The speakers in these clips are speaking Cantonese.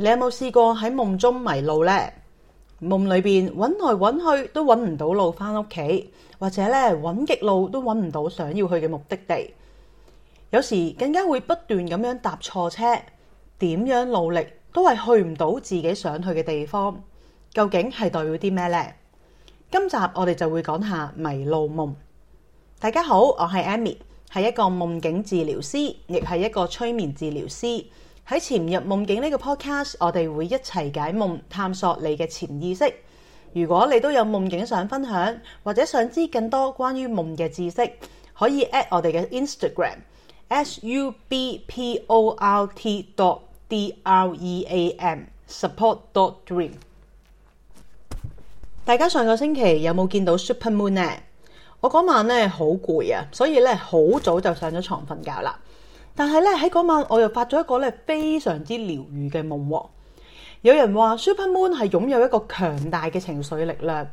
你有冇試過喺夢中迷路呢？夢裏邊揾來揾去都揾唔到路返屋企，或者咧揾極路都揾唔到想要去嘅目的地。有時更加會不斷咁樣搭錯車，點樣努力都係去唔到自己想去嘅地方。究竟係代表啲咩呢？今集我哋就會講下迷路夢。大家好，我係 Amy，係一個夢境治療師，亦係一個催眠治療師。喺潛入夢境呢個 podcast，我哋會一齊解夢，探索你嘅潛意識。如果你都有夢境想分享，或者想知更多關於夢嘅知識，可以 at 我哋嘅 Instagram，subport.dream。subport.dream。大家上個星期有冇見到 Super Moon 呢？我嗰晚咧好攰啊，所以咧好早就上咗床瞓覺啦。但係咧喺嗰晚我又發咗一個咧非常之療愈嘅夢，哦。有人話 Super Moon 係擁有一個強大嘅情緒力量。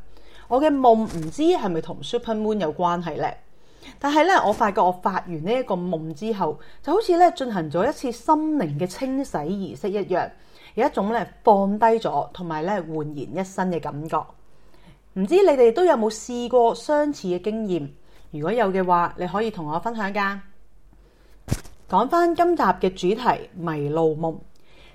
我嘅夢唔知係咪同 Super Moon 有關係咧？但係咧我發覺我發完呢一個夢之後，就好似咧進行咗一次心靈嘅清洗儀式一樣，有一種咧放低咗同埋咧煥然一新嘅感覺。唔知你哋都有冇試過相似嘅經驗？如果有嘅話，你可以同我分享噶。講翻今集嘅主題迷路夢，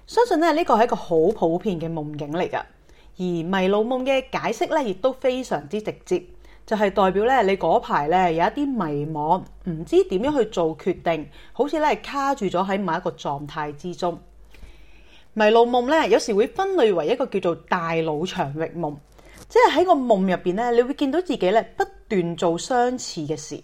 相信咧呢個係一個好普遍嘅夢境嚟噶。而迷路夢嘅解釋咧，亦都非常之直接，就係、是、代表咧你嗰排咧有一啲迷茫，唔知點樣去做決定，好似咧係卡住咗喺某一個狀態之中。迷路夢咧有時會分類為一個叫做大腦長域夢，即係喺個夢入邊咧，你會見到自己咧不斷做相似嘅事。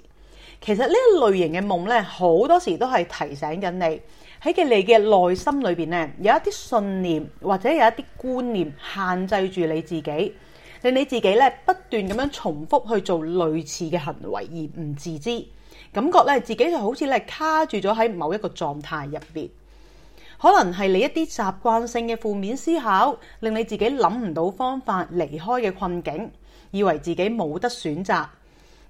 其實呢一類型嘅夢呢，好多時都係提醒緊你喺你嘅內心裏邊呢，有一啲信念或者有一啲觀念限制住你自己，令你自己呢不斷咁樣重複去做類似嘅行為而唔自知，感覺咧自己就好似咧卡住咗喺某一個狀態入邊，可能係你一啲習慣性嘅負面思考，令你自己諗唔到方法離開嘅困境，以為自己冇得選擇。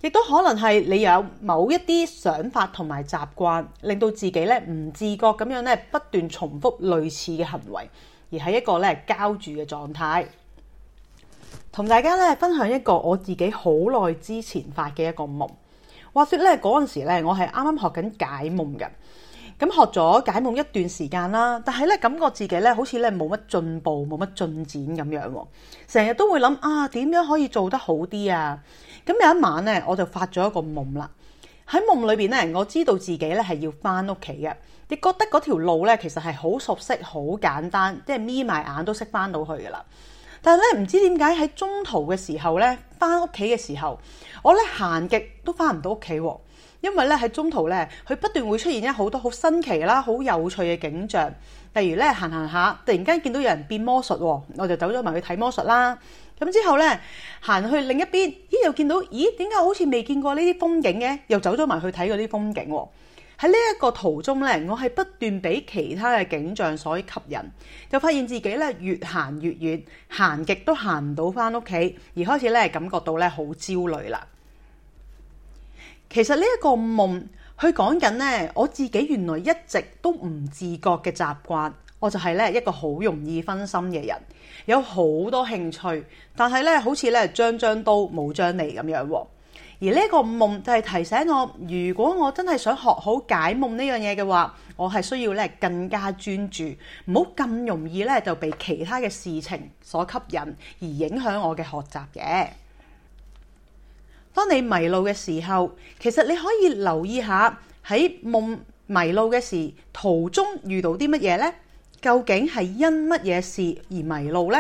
亦都可能係你有某一啲想法同埋習慣，令到自己呢唔自覺咁樣呢不斷重複類似嘅行為，而喺一個呢膠住嘅狀態。同大家呢分享一個我自己好耐之前發嘅一個夢，話説呢，嗰陣時呢我係啱啱學緊解夢嘅。咁學咗解夢一段時間啦，但係咧，感覺自己咧好似咧冇乜進步，冇乜進展咁樣，成日都會諗啊，點樣可以做得好啲啊？咁有一晚咧，我就發咗一個夢啦。喺夢裏邊咧，我知道自己咧係要翻屋企嘅，亦覺得嗰條路咧其實係好熟悉、好簡單，即係眯埋眼都識翻到去噶啦。但係咧，唔知點解喺中途嘅時候咧，翻屋企嘅時候，我咧行極都翻唔到屋企喎。因為咧喺中途咧，佢不斷會出現一好多好新奇啦、好有趣嘅景象。例如咧行行下，突然間見到有人變魔術，我就走咗埋去睇魔術啦。咁之後咧行去另一邊，咦，又見到咦，點解好似未見過呢啲風景嘅？又走咗埋去睇嗰啲風景喎。喺呢一個途中咧，我係不斷俾其他嘅景象所吸引，就發現自己咧越行越遠，行極都行唔到返屋企，而開始咧感覺到咧好焦慮啦。其實呢一個夢，佢講緊呢，我自己原來一直都唔自覺嘅習慣，我就係呢一個好容易分心嘅人，有好多興趣，但係呢，好似呢張張都冇張利咁樣。而呢個夢就係提醒我，如果我真係想學好解夢呢樣嘢嘅話，我係需要呢更加專注，唔好咁容易呢就被其他嘅事情所吸引而影響我嘅學習嘅。當你迷路嘅時候，其實你可以留意下喺夢迷路嘅時途中遇到啲乜嘢呢？究竟係因乜嘢事而迷路呢？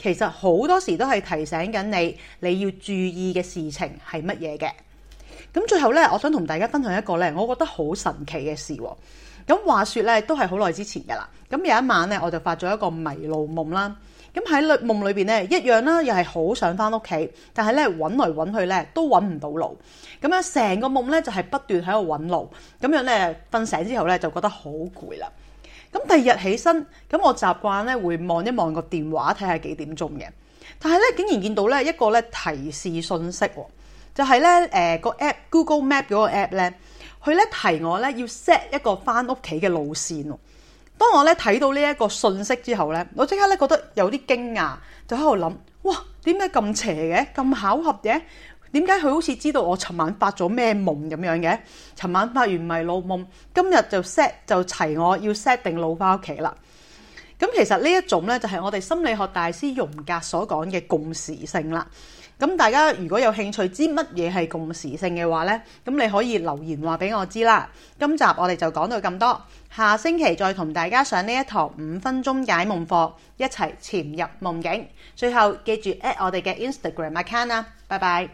其實好多時都係提醒緊你，你要注意嘅事情係乜嘢嘅。咁最後呢，我想同大家分享一個呢，我覺得好神奇嘅事。咁話說呢，都係好耐之前噶啦。咁有一晚呢，我就發咗一個迷路夢啦。咁喺夢裏邊咧，一樣啦，又係好想翻屋企，但係咧揾嚟揾去咧都揾唔到路，咁樣成個夢咧就係不斷喺度揾路，咁樣咧瞓醒之後咧就覺得好攰啦。咁第二日起身，咁我習慣咧會望一望個電話，睇下幾點鐘嘅，但係咧竟然見到咧一個咧提示信息喎，就係咧誒個 app Google Map 嗰個 app 咧，佢咧提我咧要 set 一個翻屋企嘅路線喎。當我咧睇到呢一個信息之後咧，我即刻咧覺得有啲驚訝，就喺度諗，哇，點解咁邪嘅？咁巧合嘅？點解佢好似知道我尋晚發咗咩夢咁樣嘅？尋晚發完迷路夢，今日就 set 就齊我要 set 定路翻屋企啦。咁其實呢一種呢，就係我哋心理學大師榮格所講嘅共時性啦。咁大家如果有興趣知乜嘢係共時性嘅話呢，咁你可以留言話俾我知啦。今集我哋就講到咁多，下星期再同大家上呢一堂五分鐘解夢課，一齊潛入夢境。最後記住 at 我哋嘅 Instagram account 啊，拜拜。